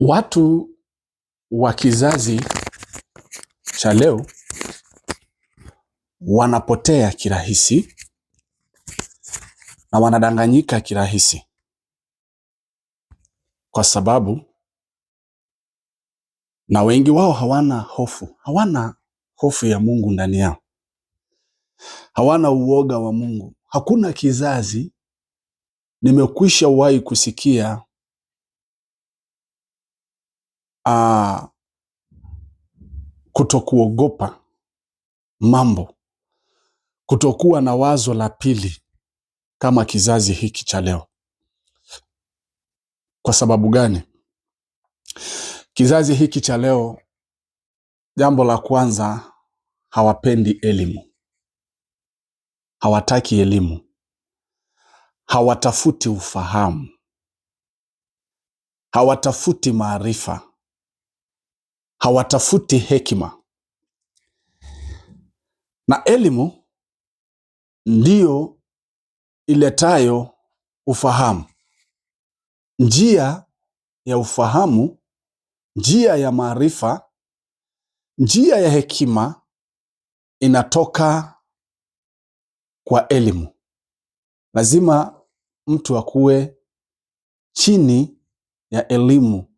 Watu wa kizazi cha leo wanapotea kirahisi na wanadanganyika kirahisi, kwa sababu na wengi wao hawana hofu, hawana hofu ya Mungu ndani yao, hawana uoga wa Mungu. Hakuna kizazi nimekwisha wahi kusikia uh, kutokuogopa mambo, kutokuwa na wazo la pili kama kizazi hiki cha leo. Kwa sababu gani? Kizazi hiki cha leo, jambo la kwanza, hawapendi elimu, hawataki elimu, hawatafuti ufahamu, hawatafuti maarifa hawatafuti hekima, na elimu ndiyo iletayo ufahamu. Njia ya ufahamu, njia ya maarifa, njia ya hekima inatoka kwa elimu. Lazima mtu akuwe chini ya elimu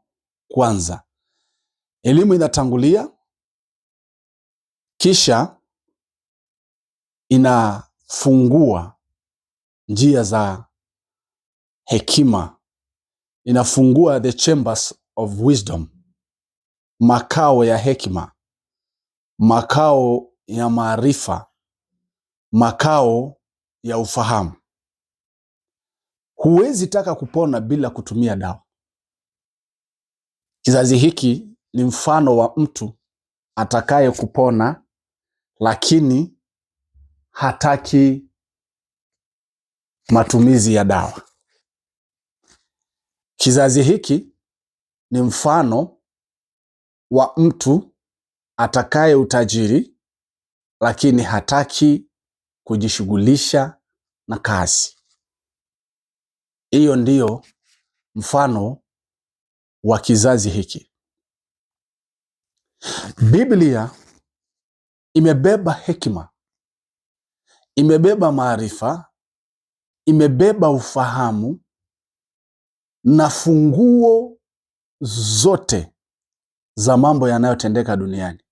kwanza, Elimu inatangulia, kisha inafungua njia za hekima, inafungua the chambers of wisdom, makao ya hekima, makao ya maarifa, makao ya ufahamu. Huwezi taka kupona bila kutumia dawa. Kizazi hiki ni mfano wa mtu atakaye kupona lakini hataki matumizi ya dawa. Kizazi hiki ni mfano wa mtu atakaye utajiri lakini hataki kujishughulisha na kazi. Hiyo ndiyo mfano wa kizazi hiki. Biblia imebeba hekima, imebeba maarifa, imebeba ufahamu na funguo zote za mambo yanayotendeka duniani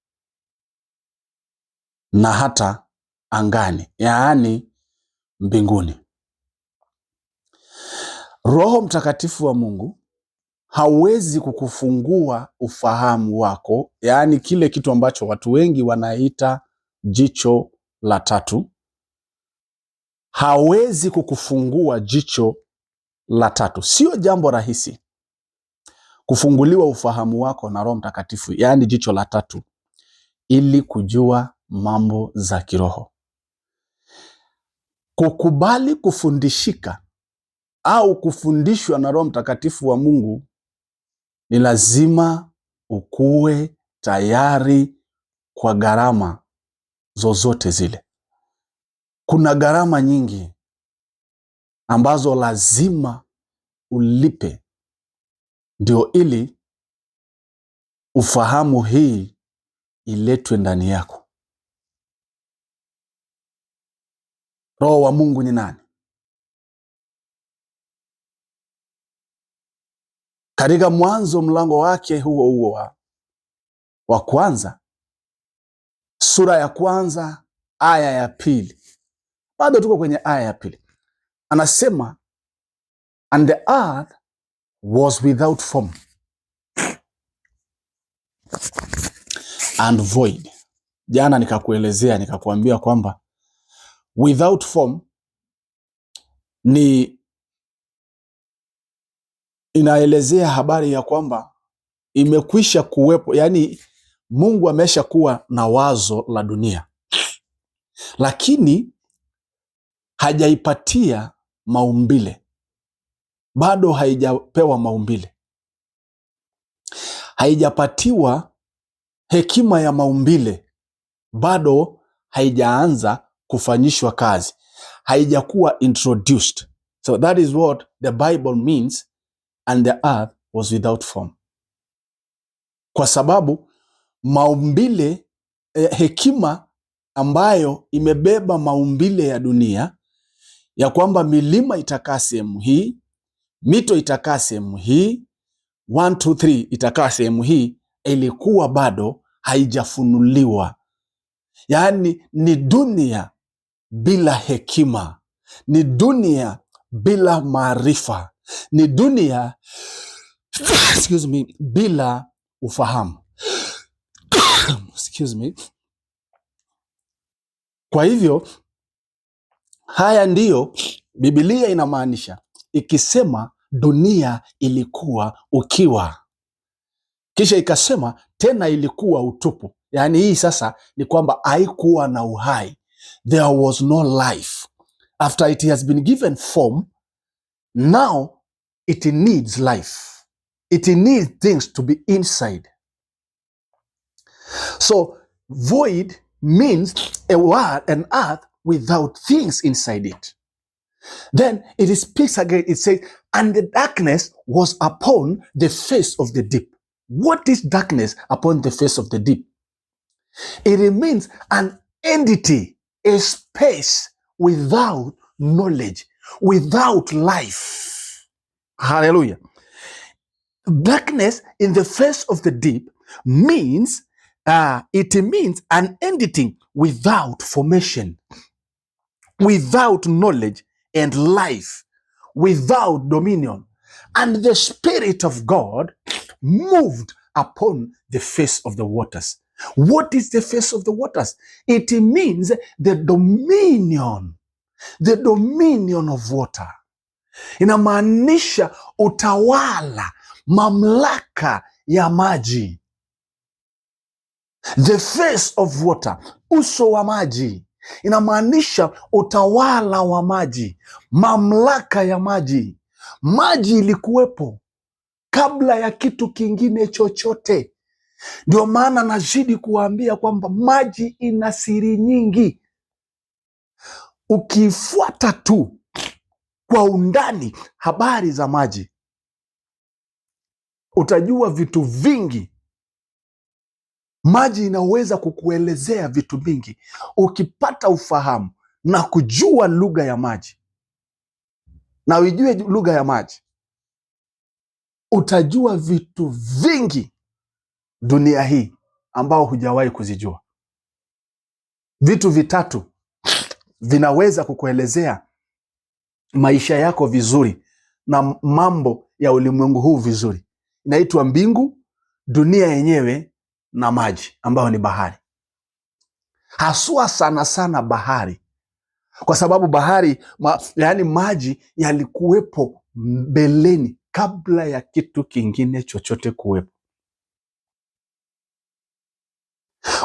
na hata angani, yaani mbinguni. Roho Mtakatifu wa Mungu hawezi kukufungua ufahamu wako, yaani kile kitu ambacho watu wengi wanaita jicho la tatu, hawezi kukufungua jicho la tatu. Sio jambo rahisi kufunguliwa ufahamu wako na Roho Mtakatifu, yaani jicho la tatu, ili kujua mambo za kiroho. Kukubali kufundishika au kufundishwa na Roho Mtakatifu wa Mungu ni lazima ukuwe tayari kwa gharama zozote zile. Kuna gharama nyingi ambazo lazima ulipe, ndio ili ufahamu hii iletwe ndani yako. Roho wa Mungu ni nani? katika Mwanzo mlango wake huo huo wa, wa kwanza sura ya kwanza aya ya pili bado tuko kwenye aya ya pili, anasema and the earth was without form and void. Jana nikakuelezea nikakuambia kwamba without form ni inaelezea habari ya kwamba imekwisha kuwepo, yaani Mungu amesha kuwa na wazo la dunia, lakini hajaipatia maumbile, bado haijapewa maumbile, haijapatiwa hekima ya maumbile, bado haijaanza kufanyishwa kazi, haijakuwa introduced. So that is what the Bible means and the earth was without form. Kwa sababu maumbile eh, hekima ambayo imebeba maumbile ya dunia ya kwamba milima itakaa sehemu hii, mito itakaa sehemu hii, one, two, three itakaa sehemu hii, ilikuwa bado haijafunuliwa. Yaani ni dunia bila hekima, ni dunia bila maarifa, ni dunia excuse me, bila ufahamu excuse me. Kwa hivyo haya ndiyo Biblia inamaanisha ikisema dunia ilikuwa ukiwa, kisha ikasema tena ilikuwa utupu. Yaani hii sasa ni kwamba haikuwa na uhai, there was no life after it has been given form now It needs life. It needs things to be inside. So void means a world, an earth without things inside it. Then it speaks again, it says, and the darkness was upon the face of the deep. What is darkness upon the face of the deep? It remains an entity, a space without knowledge, without life. Hallelujah. Darkness in the face of the deep means uh, it means an entity without formation, without knowledge and life, without dominion. And the Spirit of God moved upon the face of the waters. What is the face of the waters? It means the dominion, the dominion of water. inamaanisha utawala, mamlaka ya maji, the face of water, uso wa maji, inamaanisha utawala wa maji, mamlaka ya maji. Maji ilikuwepo kabla ya kitu kingine chochote. Ndio maana nazidi kuwaambia kwamba maji ina siri nyingi, ukifuata tu kwa undani habari za maji, utajua vitu vingi. Maji inaweza kukuelezea vitu vingi ukipata ufahamu na kujua lugha ya maji, na uijue lugha ya maji, utajua vitu vingi dunia hii ambao hujawahi kuzijua. Vitu vitatu vinaweza kukuelezea maisha yako vizuri na mambo ya ulimwengu huu vizuri. Inaitwa mbingu, dunia yenyewe na maji ambayo ni bahari, haswa sana sana bahari, kwa sababu bahari ma, yaani maji yalikuwepo mbeleni kabla ya kitu kingine chochote kuwepo.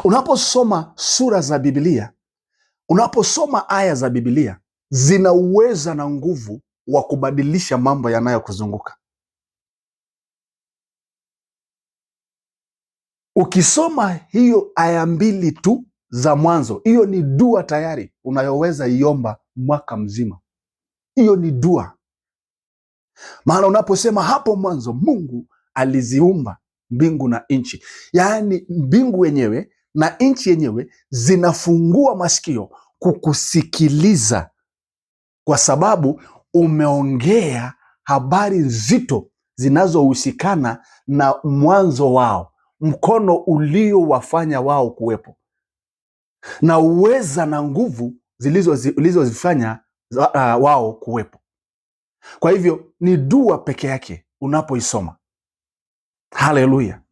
Unaposoma sura za Biblia, unaposoma aya za Biblia zina uweza na nguvu wa kubadilisha mambo yanayokuzunguka. Ukisoma hiyo aya mbili tu za mwanzo, hiyo ni dua tayari unayoweza iomba mwaka mzima. Hiyo ni dua, maana unaposema hapo mwanzo Mungu aliziumba mbingu na nchi, yaani mbingu yenyewe na nchi yenyewe zinafungua masikio kukusikiliza kwa sababu umeongea habari nzito zinazohusikana na mwanzo wao, mkono uliowafanya wao kuwepo na uweza na nguvu zilizozifanya uh, wao kuwepo. Kwa hivyo ni dua peke yake unapoisoma. Haleluya!